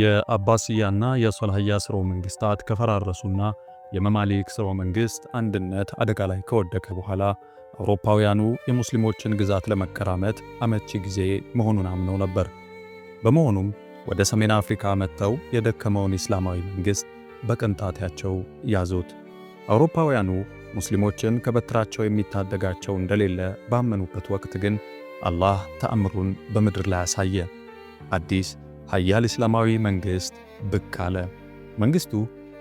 የአባስያና የሶልሃያ ስርወ መንግስታት ከፈራረሱና የመማሊክ ስርወ መንግስት አንድነት አደጋ ላይ ከወደቀ በኋላ አውሮፓውያኑ የሙስሊሞችን ግዛት ለመከራመት አመቺ ጊዜ መሆኑን አምነው ነበር። በመሆኑም ወደ ሰሜን አፍሪካ መጥተው የደከመውን ኢስላማዊ መንግስት በቅንጣቴያቸው ያዙት። አውሮፓውያኑ ሙስሊሞችን ከበትራቸው የሚታደጋቸው እንደሌለ ባመኑበት ወቅት ግን አላህ ተአምሩን በምድር ላይ አሳየ። አዲስ ሀያል እስላማዊ መንግሥት ብቅ አለ። መንግሥቱ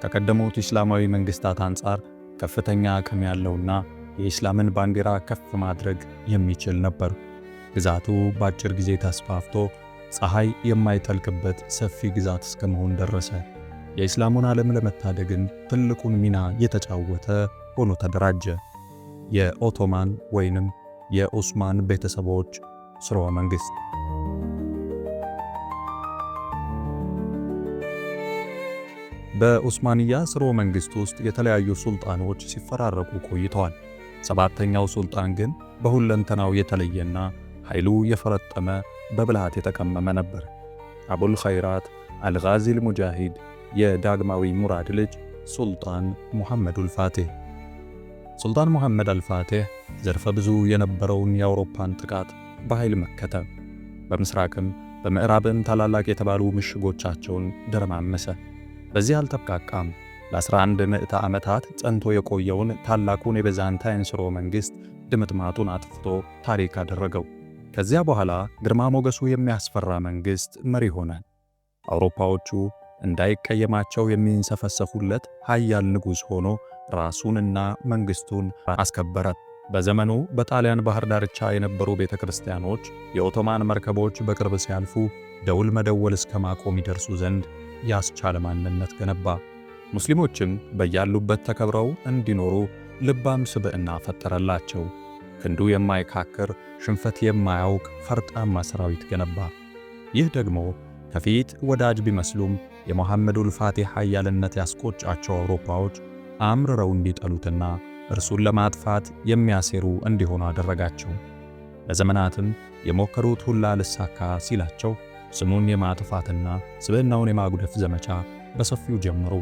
ከቀደሙት እስላማዊ መንግሥታት አንጻር ከፍተኛ አቅም ያለውና የእስላምን ባንዲራ ከፍ ማድረግ የሚችል ነበር። ግዛቱ በአጭር ጊዜ ተስፋፍቶ ፀሐይ የማይጠልቅበት ሰፊ ግዛት እስከመሆን ደረሰ። የእስላሙን ዓለም ለመታደግን ትልቁን ሚና የተጫወተ ሆኖ ተደራጀ። የኦቶማን ወይንም የኡስማን ቤተሰቦች ስርወ መንግስት በኡስማንያ ስርወ መንግስት ውስጥ የተለያዩ ሱልጣኖች ሲፈራረቁ ቆይተዋል። ሰባተኛው ሱልጣን ግን በሁለንተናው የተለየና ኃይሉ የፈረጠመ በብልሃት የተቀመመ ነበር። አቡል ኸይራት አልጋዚል ሙጃሂድ የዳግማዊ ሙራድ ልጅ ሱልጣን ሙሐመዱል ፋቲህ ሱልጣን መሐመድ አልፋትህ ዘርፈ ብዙ የነበረውን የአውሮፓን ጥቃት በኃይል መከተ። በምስራቅም በምዕራብም ታላላቅ የተባሉ ምሽጎቻቸውን ደረማመሰ። በዚህ አልተብቃቃም። ለ11 ምዕተ ዓመታት ጸንቶ የቆየውን ታላቁን የቤዛንታይን ሥርወ መንግሥት ድምጥማጡን አጥፍቶ ታሪክ አደረገው። ከዚያ በኋላ ግርማ ሞገሱ የሚያስፈራ መንግሥት መሪ ሆነ። አውሮፓዎቹ እንዳይቀየማቸው የሚንሰፈሰፉለት ኃያል ንጉሥ ሆኖ ራሱንና መንግስቱን አስከበረ። በዘመኑ በጣሊያን ባህር ዳርቻ የነበሩ ቤተ ክርስቲያኖች የኦቶማን መርከቦች በቅርብ ሲያልፉ ደውል መደወል እስከ ማቆም ይደርሱ ዘንድ ያስቻለ ማንነት ገነባ። ሙስሊሞችም በያሉበት ተከብረው እንዲኖሩ ልባም ስብዕና ፈጠረላቸው። ክንዱ የማይካክር ሽንፈት የማያውቅ ፈርጣማ ሰራዊት ገነባ። ይህ ደግሞ ከፊት ወዳጅ ቢመስሉም የመሐመዱል ፋቲሕ ኃያልነት ያስቆጫቸው አውሮፓዎች አምርረው እንዲጠሉትና እርሱን ለማጥፋት የሚያሴሩ እንዲሆኑ አደረጋቸው። ለዘመናትም የሞከሩት ሁላ ልሳካ ሲላቸው ስሙን የማጥፋትና ስብዕናውን የማጉደፍ ዘመቻ በሰፊው ጀመሩ።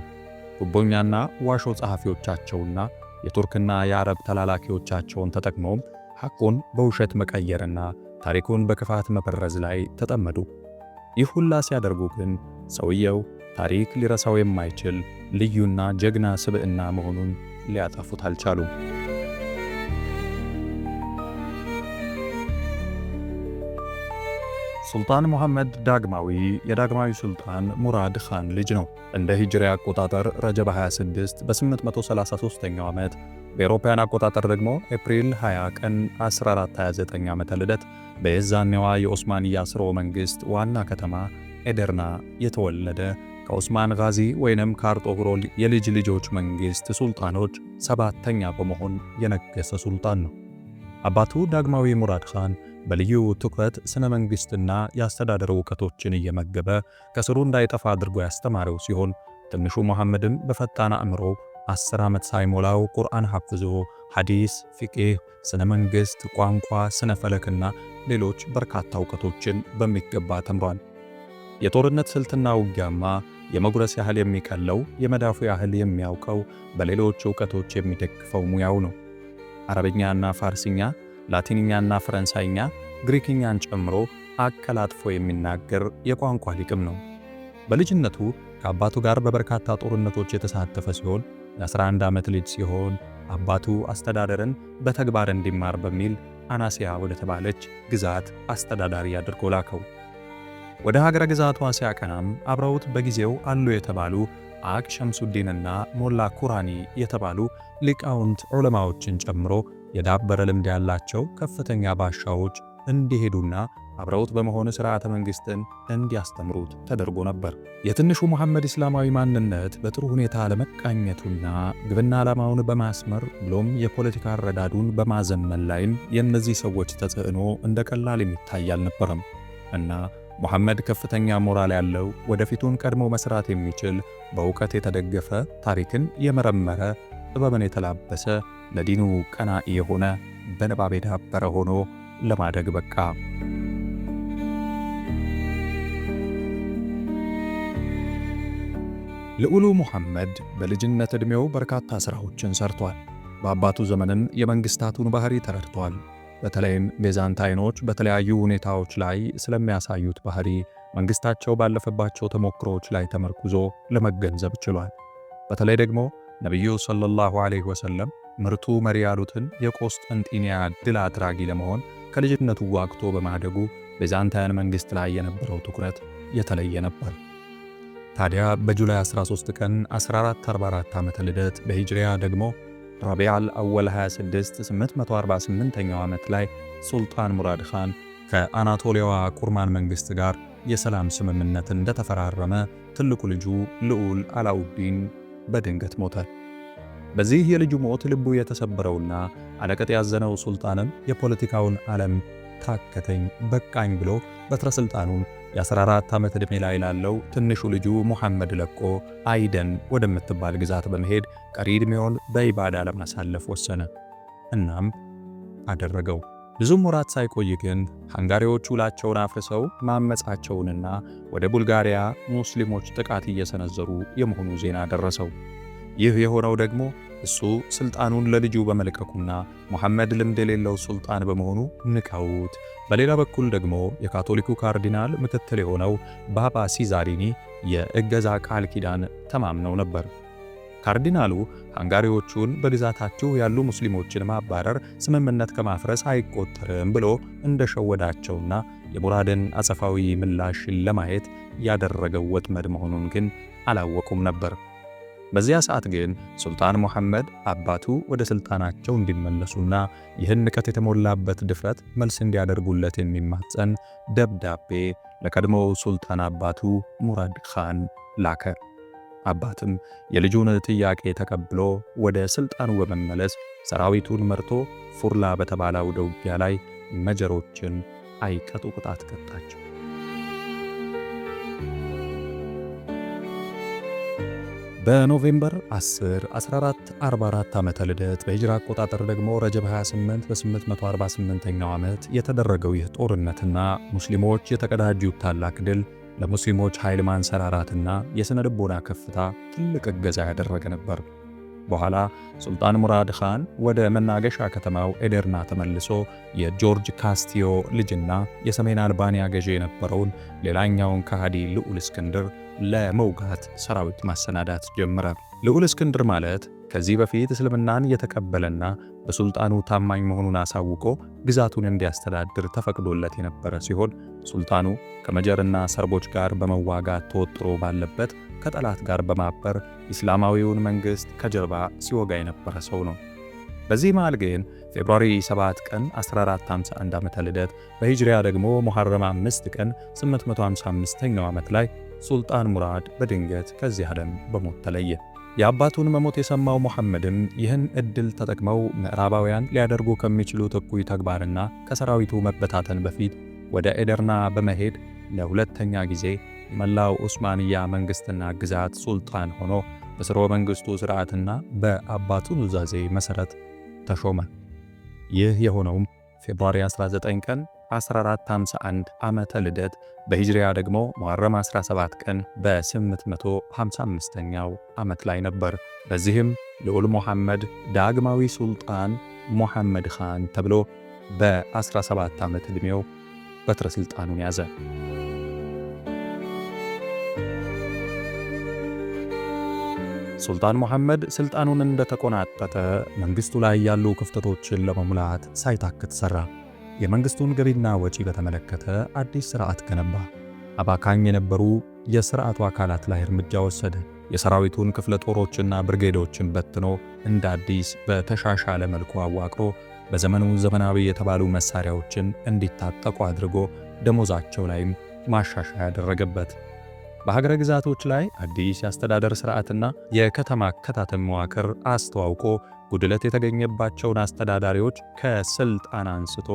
ጉቦኛና ዋሾ ጸሐፊዎቻቸውና የቱርክና የአረብ ተላላኪዎቻቸውን ተጠቅመውም ሐቁን በውሸት መቀየርና ታሪኩን በክፋት መበረዝ ላይ ተጠመዱ። ይህ ሁላ ሲያደርጉ ግን ሰውየው ታሪክ ሊረሳው የማይችል ልዩና ጀግና ስብዕና መሆኑን ሊያጠፉት አልቻሉም። ሱልጣን ሙሐመድ ዳግማዊ የዳግማዊ ሱልጣን ሙራድ ኻን ልጅ ነው። እንደ ሂጅሪ አቆጣጠር ረጀብ 26 በ833ኛው ዓመት በአውሮፓውያን አቆጣጠር ደግሞ ኤፕሪል 20 ቀን 1429 ዓመተ ልደት በየዛኔዋ የኦስማንያ ስርወ መንግሥት ዋና ከተማ ኤደርና የተወለደ ከኡስማን ጋዚ ወይንም ካርጦግሮል የልጅ ልጆች መንግሥት ሱልጣኖች ሰባተኛ በመሆን የነገሰ ሱልጣን ነው። አባቱ ዳግማዊ ሙራድ ኻን በልዩ ትኩረት ስነ መንግሥትና የአስተዳደር እውቀቶችን እየመገበ ከስሩ እንዳይጠፋ አድርጎ ያስተማረው ሲሆን ትንሹ መሐመድም በፈጣን አእምሮ አስር ዓመት ሳይሞላው ቁርአን ሐፍዞ ሐዲስ፣ ፊቅህ፣ ስነ መንግሥት፣ ቋንቋ፣ ስነ ፈለክና ሌሎች በርካታ እውቀቶችን በሚገባ ተምሯል። የጦርነት ስልትና ውጊያማ የመጉረስ ያህል የሚቀለው የመዳፉ ያህል የሚያውቀው በሌሎች እውቀቶች የሚደግፈው ሙያው ነው። አረብኛና ፋርሲኛ፣ ላቲንኛና ፈረንሳይኛ፣ ግሪክኛን ጨምሮ አከላጥፎ የሚናገር የቋንቋ ሊቅም ነው። በልጅነቱ ከአባቱ ጋር በበርካታ ጦርነቶች የተሳተፈ ሲሆን የ11 ዓመት ልጅ ሲሆን አባቱ አስተዳደርን በተግባር እንዲማር በሚል አናሲያ ወደተባለች ግዛት አስተዳዳሪ አድርጎ ላከው። ወደ ሀገረ ግዛቷ ሲያቀናም አብረውት በጊዜው አሉ የተባሉ አቅ ሸምሱዲንና ሞላ ኩራኒ የተባሉ ሊቃውንት ዑለማዎችን ጨምሮ የዳበረ ልምድ ያላቸው ከፍተኛ ባሻዎች እንዲሄዱና አብረውት በመሆኑ ሥርዓተ መንግሥትን እንዲያስተምሩት ተደርጎ ነበር። የትንሹ መሐመድ እስላማዊ ማንነት በጥሩ ሁኔታ ለመቃኘቱና ግብና ዓላማውን በማስመር ብሎም የፖለቲካ አረዳዱን በማዘመን ላይም የእነዚህ ሰዎች ተጽዕኖ እንደ ቀላል የሚታይ አልነበረም እና ሙሐመድ ከፍተኛ ሞራል ያለው ወደፊቱን ቀድሞ መስራት የሚችል በእውቀት የተደገፈ ታሪክን የመረመረ ጥበብን የተላበሰ ለዲኑ ቀናኢ የሆነ በንባብ የዳበረ ሆኖ ለማደግ በቃ። ልዑሉ ሙሐመድ በልጅነት ዕድሜው በርካታ ሥራዎችን ሠርቷል። በአባቱ ዘመንም የመንግሥታቱን ባሕሪ ተረድቷል። በተለይም ቤዛንታይኖች በተለያዩ ሁኔታዎች ላይ ስለሚያሳዩት ባህሪ መንግሥታቸው ባለፈባቸው ተሞክሮዎች ላይ ተመርኩዞ ለመገንዘብ ችሏል። በተለይ ደግሞ ነቢዩ ሰለላሁ ዐለይሂ ወሰለም ምርቱ መሪ ያሉትን የቆስጠንጢንያ ድል አድራጊ ለመሆን ከልጅነቱ ዋግቶ በማደጉ ቤዛንታይን መንግሥት ላይ የነበረው ትኩረት የተለየ ነበር። ታዲያ በጁላይ 13 ቀን 1444 ዓመተ ልደት በሂጅሪያ ደግሞ ራቢዓል አወል 26 848ኛው ዓመት ላይ ሱልጣን ሙራድ ኻን ከአናቶሊያዋ ቁርማን መንግሥት ጋር የሰላም ስምምነት እንደተፈራረመ ትልቁ ልጁ ልዑል አላውዲን በድንገት ሞተ። በዚህ የልጁ ሞት ልቡ የተሰበረውና አለቀጥ ያዘነው ሱልጣንም የፖለቲካውን ዓለም ታከተኝ በቃኝ ብሎ በትረ ሥልጣኑን የ14 ዓመት ዕድሜ ላይ ላለው ትንሹ ልጁ ሙሐመድ ለቆ አይደን ወደምትባል ግዛት በመሄድ ቀሪ ዕድሜውን በኢባዳ ለማሳለፍ ወሰነ። እናም አደረገው። ብዙም ወራት ሳይቆይ ግን ሃንጋሪዎቹ ውላቸውን አፍርሰው ማመጻቸውንና ወደ ቡልጋሪያ ሙስሊሞች ጥቃት እየሰነዘሩ የመሆኑ ዜና ደረሰው። ይህ የሆነው ደግሞ እሱ ስልጣኑን ለልጁ በመልቀቁና መሐመድ ልምድ የሌለው ሱልጣን በመሆኑ ንቀውት። በሌላ በኩል ደግሞ የካቶሊኩ ካርዲናል ምክትል የሆነው ባባ ሲዛሪኒ የእገዛ ቃል ኪዳን ተማምነው ነበር። ካርዲናሉ ሃንጋሪዎቹን በግዛታችሁ ያሉ ሙስሊሞችን ማባረር ስምምነት ከማፍረስ አይቆጠርም ብሎ እንደሸወዳቸውና የሙራድን አጸፋዊ ምላሽ ለማየት ያደረገው ወጥመድ መሆኑን ግን አላወቁም ነበር። በዚያ ሰዓት ግን ሱልጣን ሙሐመድ አባቱ ወደ ስልጣናቸው እንዲመለሱና ይህን ንቀት የተሞላበት ድፍረት መልስ እንዲያደርጉለት የሚማጸን ደብዳቤ ለቀድሞው ሱልጣን አባቱ ሙራድ ኻን ላከ። አባትም የልጁን ጥያቄ ተቀብሎ ወደ ስልጣኑ በመመለስ ሰራዊቱን መርቶ ፉርላ በተባለው ውጊያ ላይ መጀሮችን አይቀጡ ቅጣት ቀጣቸው። በኖቬምበር 10 1444 ዓመተ ልደት በሂጅራ አቆጣጠር ደግሞ ረጀብ 28 በ848ኛው ዓመት የተደረገው ይህ ጦርነትና ሙስሊሞች የተቀዳጁት ታላቅ ድል ለሙስሊሞች ኃይል ማንሰራራትና የሥነ ልቦና ከፍታ ትልቅ እገዛ ያደረገ ነበር። በኋላ ሱልጣን ሙራድ ኻን ወደ መናገሻ ከተማው ኤደርና ተመልሶ የጆርጅ ካስቲዮ ልጅና የሰሜን አልባንያ ገዢ የነበረውን ሌላኛውን ከሃዲ ልዑል እስክንድር ለመውጋት ሰራዊት ማሰናዳት ጀመረ። ልዑል እስክንድር ማለት ከዚህ በፊት እስልምናን የተቀበለና በሱልጣኑ ታማኝ መሆኑን አሳውቆ ግዛቱን እንዲያስተዳድር ተፈቅዶለት የነበረ ሲሆን ሱልጣኑ ከመጀርና ሰርቦች ጋር በመዋጋት ተወጥሮ ባለበት ከጠላት ጋር በማበር ኢስላማዊውን መንግሥት ከጀርባ ሲወጋ የነበረ ሰው ነው። በዚህ መሃል ግን ፌብሩዋሪ 7 ቀን 1451 ዓመተ ልደት በሂጅሪያ ደግሞ ሙሐረም 5 ቀን 855ኛው ዓመት ላይ ሱልጣን ሙራድ በድንገት ከዚህ ዓለም በሞት ተለየ። የአባቱን መሞት የሰማው መሐመድም ይህን ዕድል ተጠቅመው ምዕራባውያን ሊያደርጉ ከሚችሉት እኩይ ተግባርና ከሰራዊቱ መበታተን በፊት ወደ ኤደርና በመሄድ ለሁለተኛ ጊዜ መላው ዑስማንያ መንግሥትና ግዛት ሱልጣን ሆኖ በሥርወ መንግሥቱ ሥርዓትና በአባቱ ኑዛዜ መሠረት ተሾመ። ይህ የሆነውም ፌብሩዋሪ 19 ቀን 1451 ዓመተ ልደት በሂጅሪያ ደግሞ ሙሐረም 17 ቀን በ855ኛው ዓመት ላይ ነበር። በዚህም ልዑል ሙሐመድ ዳግማዊ ሱልጣን ሙሐመድ ኻን ተብሎ በ17 ዓመት ዕድሜው በትረ ሥልጣኑን ያዘ። ሱልጣን ሙሐመድ ሥልጣኑን እንደተቆናጠጠ መንግሥቱ ላይ ያሉ ክፍተቶችን ለመሙላት ሳይታክት ሠራ። የመንግስቱን ገቢና ወጪ በተመለከተ አዲስ ስርዓት ገነባ። አባካኝ የነበሩ የስርዓቱ አካላት ላይ እርምጃ ወሰደ። የሰራዊቱን ክፍለ ጦሮችና ብርጌዶችን በትኖ እንደ አዲስ በተሻሻለ መልኩ አዋቅሮ በዘመኑ ዘመናዊ የተባሉ መሳሪያዎችን እንዲታጠቁ አድርጎ ደሞዛቸው ላይም ማሻሻያ ያደረገበት በሀገረ ግዛቶች ላይ አዲስ የአስተዳደር ስርዓትና የከተማ አከታተል መዋቅር አስተዋውቆ ጉድለት የተገኘባቸውን አስተዳዳሪዎች ከስልጣን አንስቶ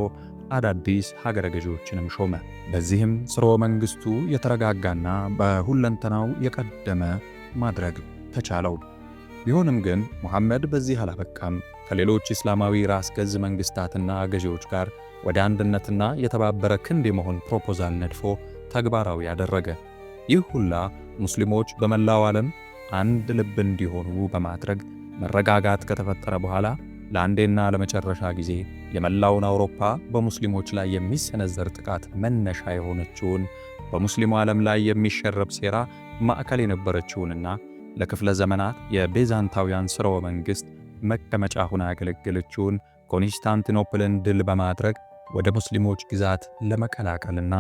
አዳዲስ ሀገረ ገዢዎችንም ሾመ። በዚህም ስርወ መንግስቱ የተረጋጋና በሁለንተናው የቀደመ ማድረግ ተቻለው። ቢሆንም ግን ሙሐመድ በዚህ አላበቃም። ከሌሎች እስላማዊ ራስ ገዝ መንግስታትና ገዢዎች ጋር ወደ አንድነትና የተባበረ ክንድ የመሆን ፕሮፖዛል ነድፎ ተግባራዊ ያደረገ ይህ ሁላ ሙስሊሞች በመላው ዓለም አንድ ልብ እንዲሆኑ በማድረግ መረጋጋት ከተፈጠረ በኋላ ለአንዴና ለመጨረሻ ጊዜ የመላውን አውሮፓ በሙስሊሞች ላይ የሚሰነዘር ጥቃት መነሻ የሆነችውን በሙስሊሙ ዓለም ላይ የሚሸረብ ሴራ ማዕከል የነበረችውንና ለክፍለ ዘመናት የቤዛንታውያን ሥርወ መንግሥት መቀመጫ ሆና ያገለገለችውን ኮንስታንቲኖፕልን ድል በማድረግ ወደ ሙስሊሞች ግዛት ለመቀላቀልና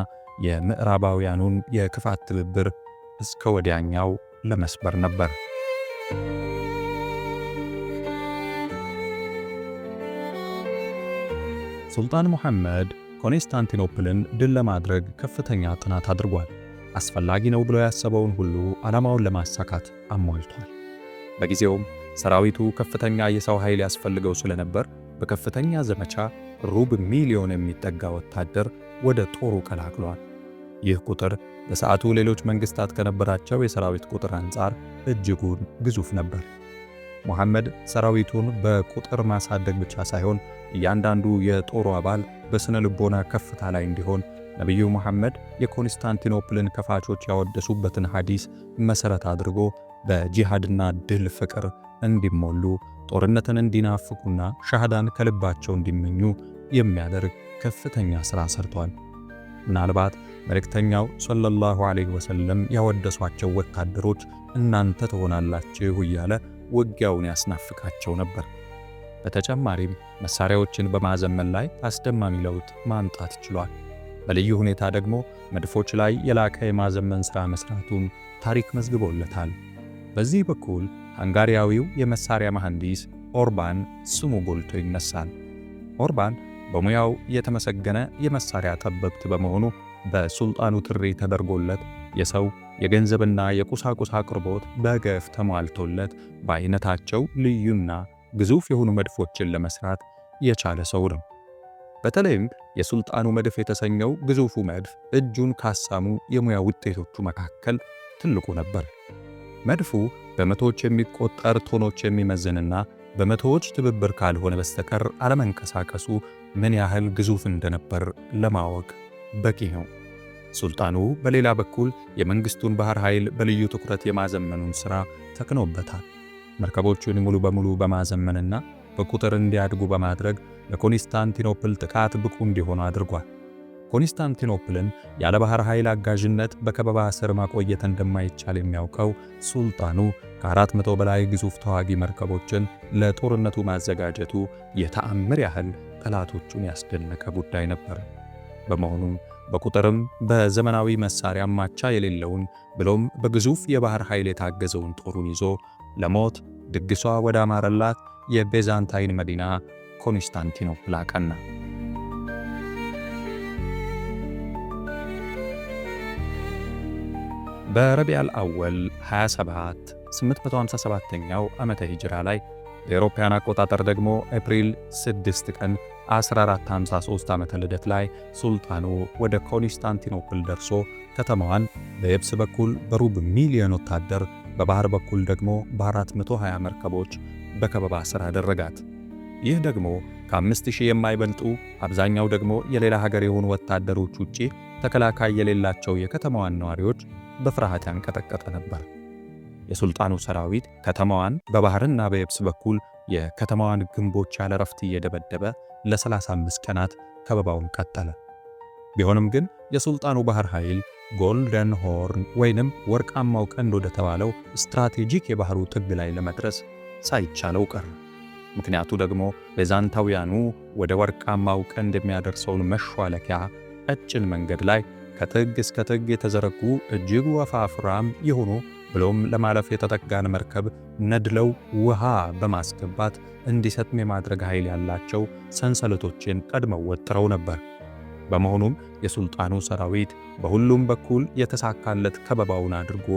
የምዕራባውያኑን የክፋት ትብብር እስከ ወዲያኛው ለመስበር ነበር። ሱልጣን ሙሐመድ ኮንስታንቲኖፕልን ድል ለማድረግ ከፍተኛ ጥናት አድርጓል። አስፈላጊ ነው ብሎ ያሰበውን ሁሉ ዓላማውን ለማሳካት አሟልቷል። በጊዜውም ሰራዊቱ ከፍተኛ የሰው ኃይል ያስፈልገው ስለነበር በከፍተኛ ዘመቻ ሩብ ሚሊዮን የሚጠጋ ወታደር ወደ ጦሩ ቀላቅሏል። ይህ ቁጥር በሰዓቱ ሌሎች መንግስታት ከነበራቸው የሰራዊት ቁጥር አንጻር እጅጉን ግዙፍ ነበር። ሙሐመድ ሰራዊቱን በቁጥር ማሳደግ ብቻ ሳይሆን እያንዳንዱ የጦሩ አባል በስነ ልቦና ከፍታ ላይ እንዲሆን ነቢዩ ሙሐመድ የኮንስታንቲኖፕልን ከፋቾች ያወደሱበትን ሐዲስ መሠረት አድርጎ በጂሃድና ድል ፍቅር እንዲሞሉ ጦርነትን እንዲናፍቁና ሻህዳን ከልባቸው እንዲመኙ የሚያደርግ ከፍተኛ ሥራ ሰርቷል። ምናልባት መልእክተኛው ሰለላሁ ዐለይሂ ወሰለም ያወደሷቸው ወታደሮች እናንተ ትሆናላችሁ እያለ ውጊያውን ያስናፍቃቸው ነበር። በተጨማሪም መሳሪያዎችን በማዘመን ላይ አስደማሚ ለውጥ ማምጣት ችሏል። በልዩ ሁኔታ ደግሞ መድፎች ላይ የላቀ የማዘመን ሥራ መሥራቱን ታሪክ መዝግቦለታል። በዚህ በኩል ሃንጋሪያዊው የመሳሪያ መሐንዲስ ኦርባን ስሙ ጎልቶ ይነሳል። ኦርባን በሙያው የተመሰገነ የመሳሪያ ጠበብት በመሆኑ በሱልጣኑ ትሪ ተደርጎለት የሰው የገንዘብና የቁሳቁስ አቅርቦት በገፍ ተሟልቶለት በአይነታቸው ልዩና ግዙፍ የሆኑ መድፎችን ለመስራት የቻለ ሰው ነው። በተለይም የሱልጣኑ መድፍ የተሰኘው ግዙፉ መድፍ እጁን ካሳሙ የሙያ ውጤቶቹ መካከል ትልቁ ነበር። መድፉ በመቶዎች የሚቆጠር ቶኖች የሚመዝንና በመቶዎች ትብብር ካልሆነ በስተቀር አለመንቀሳቀሱ ምን ያህል ግዙፍ እንደነበር ለማወቅ በቂ ነው። ሱልጣኑ በሌላ በኩል የመንግስቱን ባህር ኃይል በልዩ ትኩረት የማዘመኑን ሥራ ተክኖበታል። መርከቦቹን ሙሉ በሙሉ በማዘመንና በቁጥር እንዲያድጉ በማድረግ ለኮንስታንቲኖፕል ጥቃት ብቁ እንዲሆኑ አድርጓል። ኮንስታንቲኖፕልን ያለ ባህር ኃይል አጋዥነት በከበባ ስር ማቆየት እንደማይቻል የሚያውቀው ሱልጣኑ ከ400 በላይ ግዙፍ ተዋጊ መርከቦችን ለጦርነቱ ማዘጋጀቱ የተአምር ያህል ጠላቶቹን ያስደነቀ ጉዳይ ነበር። በመሆኑ በቁጥርም በዘመናዊ መሳሪያ ማቻ የሌለውን ብሎም በግዙፍ የባህር ኃይል የታገዘውን ጦሩን ይዞ ለሞት ድግሷ ወደ አማረላት የቤዛንታይን መዲና ኮንስታንቲኖፕል አቀና። በረቢያል አወል 27 857ኛው ዓመተ ሂጅራ ላይ በአውሮፓውያን አቆጣጠር ደግሞ ኤፕሪል 6 ቀን 1453 ዓመተ ልደት ላይ ሱልጣኑ ወደ ኮንስታንቲኖፕል ደርሶ ከተማዋን በየብስ በኩል በሩብ ሚሊዮን ወታደር በባህር በኩል ደግሞ በ420 መርከቦች በከበባ ስር አደረጋት። ይህ ደግሞ ከአምስት ሺህ የማይበልጡ አብዛኛው ደግሞ የሌላ ሀገር የሆኑ ወታደሮች ውጪ ተከላካይ የሌላቸው የከተማዋን ነዋሪዎች በፍርሃት ያንቀጠቀጠ ነበር። የሱልጣኑ ሰራዊት ከተማዋን በባህርና በየብስ በኩል የከተማዋን ግንቦች ያለረፍት እየደበደበ ለ35 ቀናት ከበባውን ቀጠለ። ቢሆንም ግን የሱልጣኑ ባህር ኃይል ጎልደን ሆርን ወይንም ወርቃማው ቀንድ ወደ ተባለው ስትራቴጂክ የባህሩ ጥግ ላይ ለመድረስ ሳይቻለው ቀረ። ምክንያቱ ደግሞ ቤዛንታውያኑ ወደ ወርቃማው ቀንድ የሚያደርሰውን መሿለኪያ ቀጭን መንገድ ላይ ከጥግ እስከ ጥግ የተዘረጉ እጅግ ወፋፍራም የሆኑ ብሎም ለማለፍ የተጠጋን መርከብ ነድለው ውሃ በማስገባት እንዲሰጥም የማድረግ ኃይል ያላቸው ሰንሰለቶችን ቀድመው ወጥረው ነበር። በመሆኑም የሱልጣኑ ሰራዊት በሁሉም በኩል የተሳካለት ከበባውን አድርጎ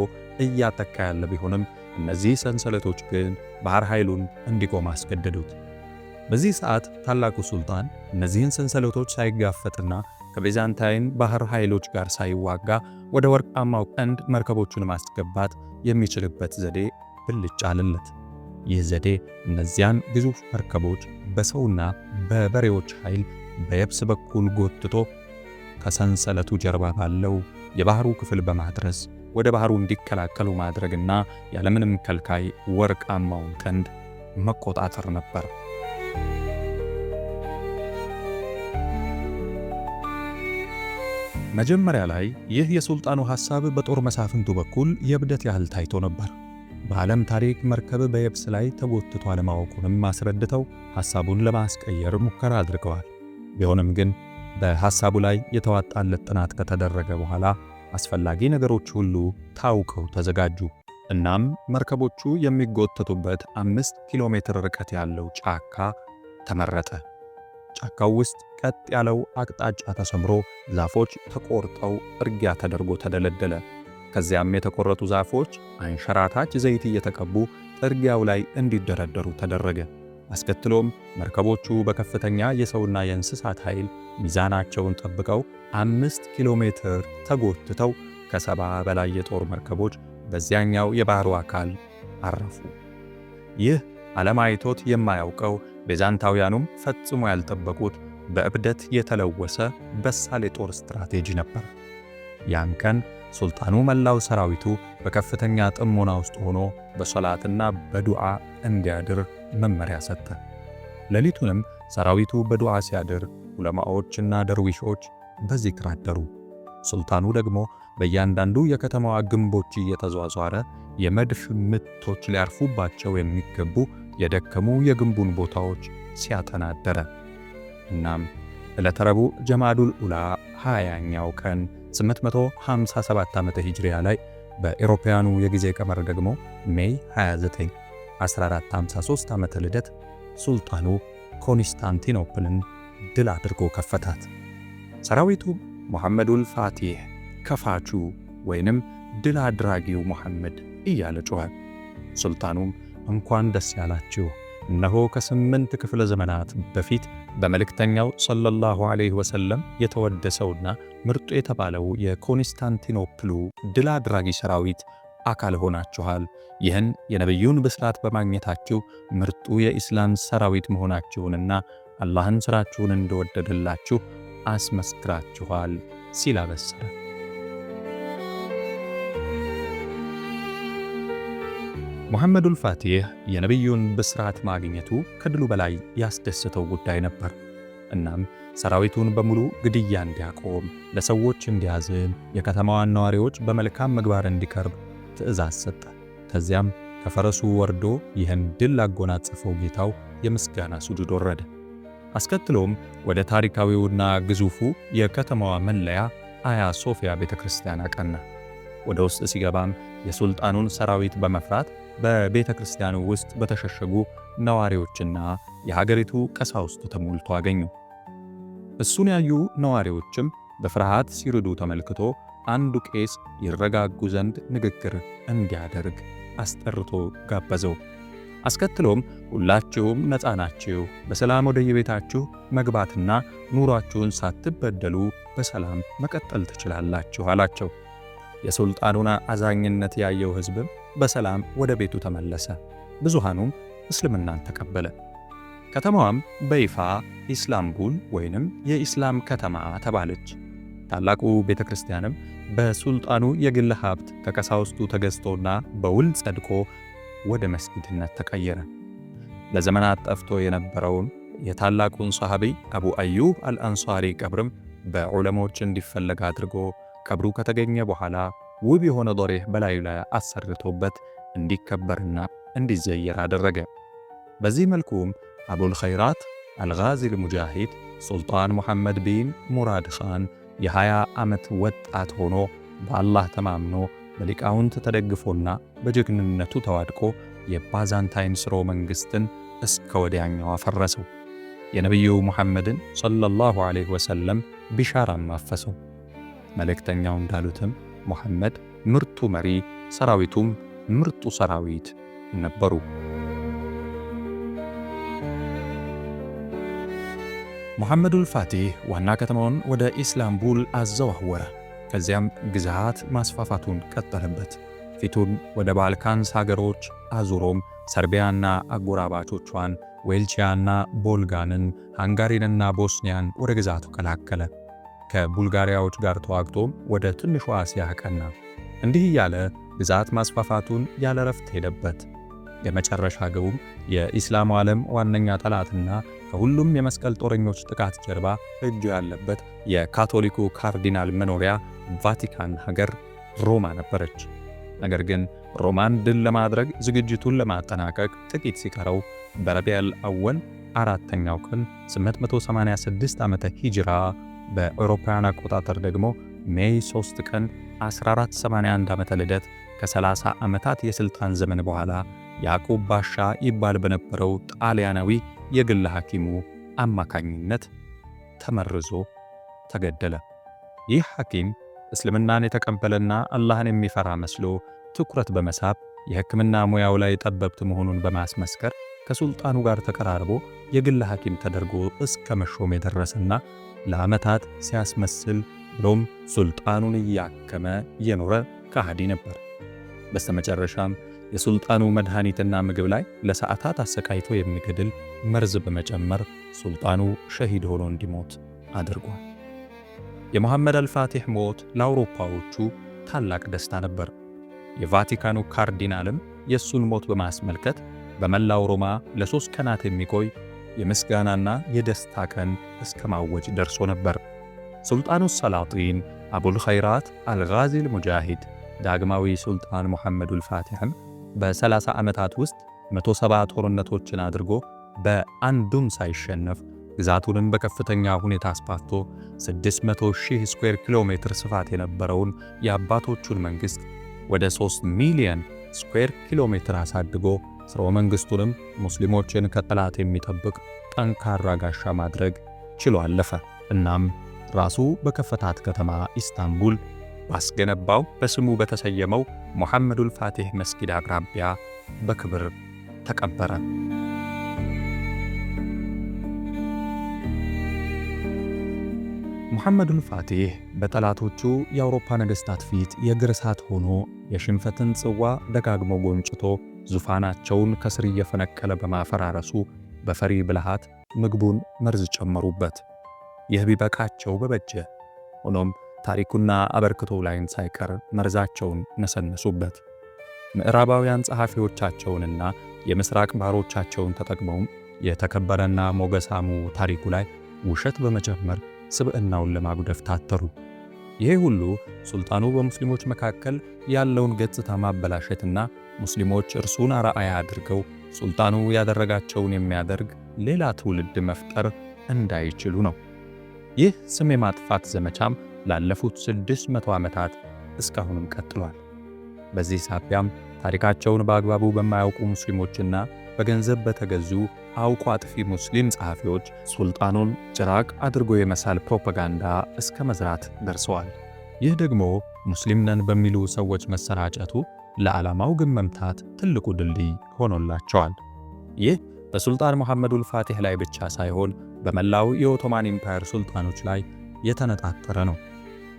እያተካ ያለ ቢሆንም እነዚህ ሰንሰለቶች ግን ባህር ኃይሉን እንዲቆም አስገደዱት። በዚህ ሰዓት ታላቁ ሱልጣን እነዚህን ሰንሰለቶች ሳይጋፈጥና ከቤዛንታይን ባህር ኃይሎች ጋር ሳይዋጋ ወደ ወርቃማው ቀንድ መርከቦቹን ማስገባት የሚችልበት ዘዴ ብልጭ አለለት። ይህ ዘዴ እነዚያን ግዙፍ መርከቦች በሰውና በበሬዎች ኃይል በየብስ በኩል ጎትቶ ከሰንሰለቱ ጀርባ ባለው የባህሩ ክፍል በማድረስ ወደ ባህሩ እንዲቀላቀሉ ማድረግና ያለምንም ከልካይ ወርቃማውን ቀንድ መቆጣጠር ነበር። መጀመሪያ ላይ ይህ የሱልጣኑ ሐሳብ በጦር መሳፍንቱ በኩል የብደት ያህል ታይቶ ነበር። በዓለም ታሪክ መርከብ በየብስ ላይ ተጎትቶ አለማወቁንም አስረድተው ሐሳቡን ለማስቀየር ሙከራ አድርገዋል። ቢሆንም ግን በሐሳቡ ላይ የተዋጣለት ጥናት ከተደረገ በኋላ አስፈላጊ ነገሮች ሁሉ ታውቀው ተዘጋጁ። እናም መርከቦቹ የሚጎተቱበት አምስት ኪሎ ሜትር ርቀት ያለው ጫካ ተመረጠ። ጫካው ውስጥ ቀጥ ያለው አቅጣጫ ተሰምሮ ዛፎች ተቆርጠው እርጊያ ተደርጎ ተደለደለ። ከዚያም የተቆረጡ ዛፎች አንሸራታች ዘይት እየተቀቡ ጥርጊያው ላይ እንዲደረደሩ ተደረገ። አስከትሎም መርከቦቹ በከፍተኛ የሰውና የእንስሳት ኃይል ሚዛናቸውን ጠብቀው አምስት ኪሎ ሜትር ተጎትተው ከሰባ በላይ የጦር መርከቦች በዚያኛው የባህሩ አካል አረፉ። ይህ ዓለም አይቶት የማያውቀው ቤዛንታውያኑም ፈጽሞ ያልጠበቁት በእብደት የተለወሰ በሳል የጦር ስትራቴጂ ነበር። ያን ቀን ሱልጣኑ መላው ሰራዊቱ በከፍተኛ ጥሞና ውስጥ ሆኖ በሶላትና በዱዓ እንዲያድር መመሪያ ሰጠ። ሌሊቱንም ሰራዊቱ በዱዓ ሲያድር፣ ዑለማዎችና ደርዊሾች በዚክር አደሩ። ሱልጣኑ ደግሞ በእያንዳንዱ የከተማዋ ግንቦች እየተዟዟረ የመድፍ ምቶች ሊያርፉባቸው የሚገቡ የደከሙ የግንቡን ቦታዎች ሲያጠናደረ። እናም ዕለተ ረቡዕ ጀማዱል ኡላ 20ኛው ቀን 857 ዓመተ ሂጅሪያ ላይ በኤሮፓያኑ የጊዜ ቀመር ደግሞ ሜይ 29 1453 ዓመተ ልደት ሱልጣኑ ኮንስታንቲኖፕልን ድል አድርጎ ከፈታት። ሰራዊቱ ሙሐመዱል ፋቲሕ ከፋቹ ወይንም ድል አድራጊው መሐመድ እያለ ጮኸ። ሱልጣኑም እንኳን ደስ ያላችሁ። እነሆ ከስምንት ክፍለ ዘመናት በፊት በመልእክተኛው ሰለላሁ ዐለይሂ ወሰለም የተወደሰውና ምርጡ የተባለው የኮንስታንቲኖፕሉ ድል አድራጊ ሰራዊት አካል ሆናችኋል። ይህን የነቢዩን ብስራት በማግኘታችሁ ምርጡ የኢስላም ሰራዊት መሆናችሁንና አላህን ሥራችሁን እንደወደደላችሁ አስመስክራችኋል ሲል አበሰረ። ሙሐመዱል ፋቲሕ የነቢዩን ብስራት ማግኘቱ ከድሉ በላይ ያስደስተው ጉዳይ ነበር። እናም ሰራዊቱን በሙሉ ግድያ እንዲያቆም፣ ለሰዎች እንዲያዝን፣ የከተማዋን ነዋሪዎች በመልካም ምግባር እንዲከርብ ትእዛዝ ሰጠ። ከዚያም ከፈረሱ ወርዶ ይህን ድል ላጎናጸፈው ጌታው የምስጋና ሱጁድ ወረደ። አስከትሎም ወደ ታሪካዊውና ግዙፉ የከተማዋ መለያ አያ ሶፊያ ቤተ ክርስቲያን አቀና። ወደ ውስጥ ሲገባም የሱልጣኑን ሰራዊት በመፍራት በቤተ ክርስቲያኑ ውስጥ በተሸሸጉ ነዋሪዎችና የሀገሪቱ ቀሳውስት ተሞልቶ አገኙ። እሱን ያዩ ነዋሪዎችም በፍርሃት ሲርዱ ተመልክቶ አንዱ ቄስ ይረጋጉ ዘንድ ንግግር እንዲያደርግ አስጠርቶ ጋበዘው። አስከትሎም ሁላችሁም ነፃ ናችሁ፣ በሰላም ወደ የቤታችሁ መግባትና ኑሯችሁን ሳትበደሉ በሰላም መቀጠል ትችላላችሁ አላቸው። የሱልጣኑን አዛኝነት ያየው ሕዝብም በሰላም ወደ ቤቱ ተመለሰ። ብዙሃኑም እስልምናን ተቀበለ። ከተማዋም በይፋ ኢስላምቡል ወይንም የኢስላም ከተማ ተባለች። ታላቁ ቤተ ክርስቲያንም በሱልጣኑ የግል ሀብት ከቀሳውስቱ ተገዝቶና በውል ጸድቆ ወደ መስጊድነት ተቀየረ። ለዘመናት ጠፍቶ የነበረውን የታላቁን ሰሃቢ አቡ አዩብ አልአንሷሪ ቀብርም በዑለሞች እንዲፈለግ አድርጎ ቀብሩ ከተገኘ በኋላ ውብ የሆነ ሎሬ በላዩ ላይ አሰርቶበት እንዲከበርና እንዲዘየር አደረገ። በዚህ መልኩም አቡል ኸይራት አልጋዚ ልሙጃሂድ ሱልጣን ሙሐመድ ቢን ሙራድ ኻን የ20 ዓመት ወጣት ሆኖ በአላህ ተማምኖ በሊቃውንት ተደግፎና በጀግንነቱ ተዋድቆ የባዛንታይን ስሮ መንግሥትን እስከ ወዲያኛው አፈረሰው። የነቢዩ ሙሐመድን ሰለላሁ ዐለይሂ ወሰለም ቢሻራም አፈሰው። መልእክተኛው እንዳሉትም መሐመድ ምርጡ መሪ፣ ሰራዊቱም ምርጡ ሰራዊት ነበሩ። ሙሐመዱል ፋቲህ ዋና ከተማውን ወደ ኢስላምቡል አዘዋወረ። ከዚያም ግዛት ማስፋፋቱን ቀጠለበት። ፊቱን ወደ ባልካንስ ሀገሮች አዙሮም ሰርቢያና አጎራባቾቿን፣ ዌልቺያና ቦልጋንን፣ ሃንጋሪንና ቦስኒያን ወደ ግዛቱ ቀላቀለ። ከቡልጋሪያዎች ጋር ተዋግቶ ወደ ትንሿ አሲያ ቀና። እንዲህ እያለ ግዛት ማስፋፋቱን ያለ ረፍት ሄደበት። የመጨረሻ ግቡም የኢስላሙ ዓለም ዋነኛ ጠላትና ከሁሉም የመስቀል ጦረኞች ጥቃት ጀርባ እጁ ያለበት የካቶሊኩ ካርዲናል መኖሪያ ቫቲካን ሀገር ሮማ ነበረች። ነገር ግን ሮማን ድል ለማድረግ ዝግጅቱን ለማጠናቀቅ ጥቂት ሲቀረው በረቢያል አወል አራተኛው ቀን 886 ዓመተ ሂጅራ በአውሮፓውያን አቆጣጠር ደግሞ ሜይ 3 ቀን 1481 ዓመተ ልደት ከ30 ዓመታት የሥልጣን ዘመን በኋላ ያዕቁብ ባሻ ይባል በነበረው ጣሊያናዊ የግል ሐኪሙ አማካኝነት ተመርዞ ተገደለ። ይህ ሐኪም እስልምናን የተቀበለና አላህን የሚፈራ መስሎ ትኩረት በመሳብ የሕክምና ሙያው ላይ ጠበብት መሆኑን በማስመስከር ከሱልጣኑ ጋር ተቀራርቦ የግል ሐኪም ተደርጎ እስከ መሾም የደረሰና ለዓመታት ሲያስመስል ብሎም ሱልጣኑን እያከመ የኖረ ከሃዲ ነበር። በስተመጨረሻም የሱልጣኑ መድኃኒትና ምግብ ላይ ለሰዓታት አሰቃይቶ የሚገድል መርዝ በመጨመር ሱልጣኑ ሸሂድ ሆኖ እንዲሞት አድርጓል። የመሐመድ አልፋቲሕ ሞት ለአውሮፓዎቹ ታላቅ ደስታ ነበር። የቫቲካኑ ካርዲናልም የእሱን ሞት በማስመልከት በመላው ሮማ ለሦስት ቀናት የሚቆይ የምስጋናና የደስታ ቀን እስከ ማወጅ ደርሶ ነበር። ሱልጣኑ ሰላጢን አቡል ኸይራት አልጋዚል ሙጃሂድ ዳግማዊ ሱልጣን ሙሐመዱል ፋቲሕም በ30 ዓመታት ውስጥ 170 ጦርነቶችን አድርጎ በአንዱም ሳይሸነፍ ግዛቱንም በከፍተኛ ሁኔታ አስፋፍቶ 600 ሺህ ስኩዌር ኪሎ ሜትር ስፋት የነበረውን የአባቶቹን መንግሥት ወደ 3 ሚሊዮን ስኩዌር ኪሎ ሜትር አሳድጎ ስርወ መንግስቱንም ሙስሊሞችን ከጠላት የሚጠብቅ ጠንካራ ጋሻ ማድረግ ችሎ አለፈ። እናም ራሱ በከፈታት ከተማ ኢስታንቡል ባስገነባው በስሙ በተሰየመው ሙሐመዱል ፋቲህ መስጊድ አቅራቢያ በክብር ተቀበረ። ሙሐመዱል ፋቲህ በጠላቶቹ የአውሮፓ ነገሥታት ፊት የእግር እሳት ሆኖ የሽንፈትን ጽዋ ደጋግሞ ጎንጭቶ ዙፋናቸውን ከስር እየፈነቀለ በማፈራረሱ በፈሪ ብልሃት ምግቡን መርዝ ጨመሩበት። ይህ ቢበቃቸው በበጀ። ሆኖም ታሪኩና አበርክቶ ላይን ሳይቀር መርዛቸውን ነሰነሱበት። ምዕራባውያን ጸሐፊዎቻቸውንና የምስራቅ ባሮቻቸውን ተጠቅመውም የተከበረና ሞገሳሙ ታሪኩ ላይ ውሸት በመጨመር ስብዕናውን ለማጉደፍ ታተሩ። ይሄ ሁሉ ሱልጣኑ በሙስሊሞች መካከል ያለውን ገጽታ ማበላሸትና ሙስሊሞች እርሱን አርአያ አድርገው ሱልጣኑ ያደረጋቸውን የሚያደርግ ሌላ ትውልድ መፍጠር እንዳይችሉ ነው። ይህ ስም የማጥፋት ዘመቻም ላለፉት 600 ዓመታት እስካሁንም ቀጥሏል። በዚህ ሳቢያም ታሪካቸውን በአግባቡ በማያውቁ ሙስሊሞችና በገንዘብ በተገዙ አውቆ አጥፊ ሙስሊም ጸሐፊዎች ሱልጣኑን ጭራቅ አድርጎ የመሳል ፕሮፓጋንዳ እስከ መዝራት ደርሰዋል። ይህ ደግሞ ሙስሊም ነን በሚሉ ሰዎች መሰራጨቱ ለዓላማው ግን መምታት ትልቁ ድልድይ ሆኖላቸዋል። ይህ በሱልጣን መሐመዱል ፋቲሕ ላይ ብቻ ሳይሆን በመላው የኦቶማን ኢምፓየር ሱልጣኖች ላይ የተነጣጠረ ነው።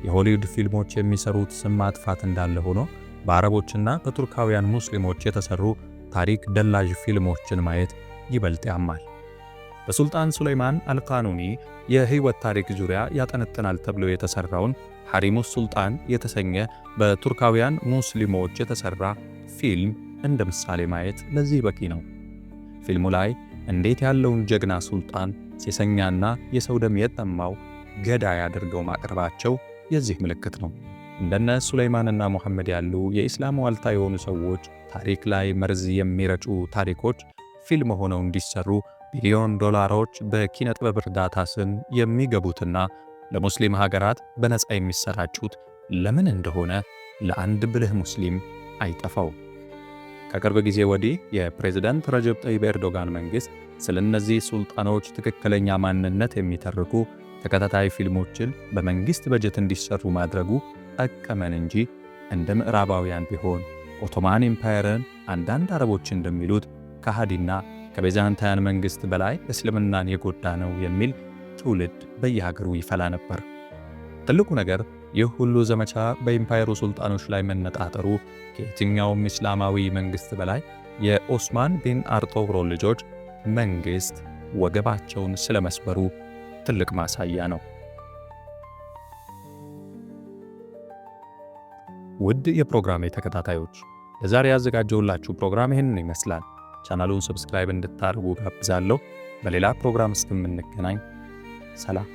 የሆሊውድ ፊልሞች የሚሰሩት ስም ማጥፋት እንዳለ ሆኖ በአረቦችና በቱርካውያን ሙስሊሞች የተሰሩ ታሪክ ደላዥ ፊልሞችን ማየት ይበልጥ ያማል። በሱልጣን ሱለይማን አልቃኑኒ የህይወት ታሪክ ዙሪያ ያጠነጥናል ተብሎ የተሰራውን ሐሪሙ ሱልጣን የተሰኘ በቱርካውያን ሙስሊሞች የተሰራ ፊልም እንደ ምሳሌ ማየት ለዚህ በቂ ነው። ፊልሙ ላይ እንዴት ያለውን ጀግና ሱልጣን ሴሰኛና የሰው ደም የጠማው ገዳይ አድርገው ማቅረባቸው የዚህ ምልክት ነው። እንደነ ሱለይማንና ሙሐመድ ያሉ የኢስላም ዋልታ የሆኑ ሰዎች ታሪክ ላይ መርዝ የሚረጩ ታሪኮች ፊልም ሆነው እንዲሰሩ ቢሊዮን ዶላሮች በኪነጥበብ እርዳታ ስም የሚገቡትና ለሙስሊም ሀገራት በነፃ የሚሰራጩት ለምን እንደሆነ ለአንድ ብልህ ሙስሊም አይጠፋው። ከቅርብ ጊዜ ወዲህ የፕሬዝዳንት ረጀብ ጠይብ ኤርዶጋን መንግሥት ስለ እነዚህ ሱልጣኖች ትክክለኛ ማንነት የሚተርኩ ተከታታይ ፊልሞችን በመንግሥት በጀት እንዲሰሩ ማድረጉ ጠቀመን እንጂ እንደ ምዕራባውያን ቢሆን ኦቶማን ኢምፓየርን አንዳንድ አረቦች እንደሚሉት ከሃዲና ከቤዛንታያን መንግሥት በላይ እስልምናን የጎዳ ነው የሚል ትውልድ በየሀገሩ ይፈላ ነበር። ትልቁ ነገር ይህ ሁሉ ዘመቻ በኢምፓየሩ ሱልጣኖች ላይ መነጣጠሩ ከየትኛውም እስላማዊ መንግሥት በላይ የኦስማን ቢን አርጦብሮ ልጆች መንግሥት ወገባቸውን ስለመስበሩ ትልቅ ማሳያ ነው። ውድ የፕሮግራሜ ተከታታዮች ለዛሬ ያዘጋጀውላችሁ ፕሮግራም ይህንን ይመስላል። ቻናሉን ሰብስክራይብ እንድታደርጉ ጋብዛለሁ። በሌላ ፕሮግራም እስከምንገናኝ ሰላም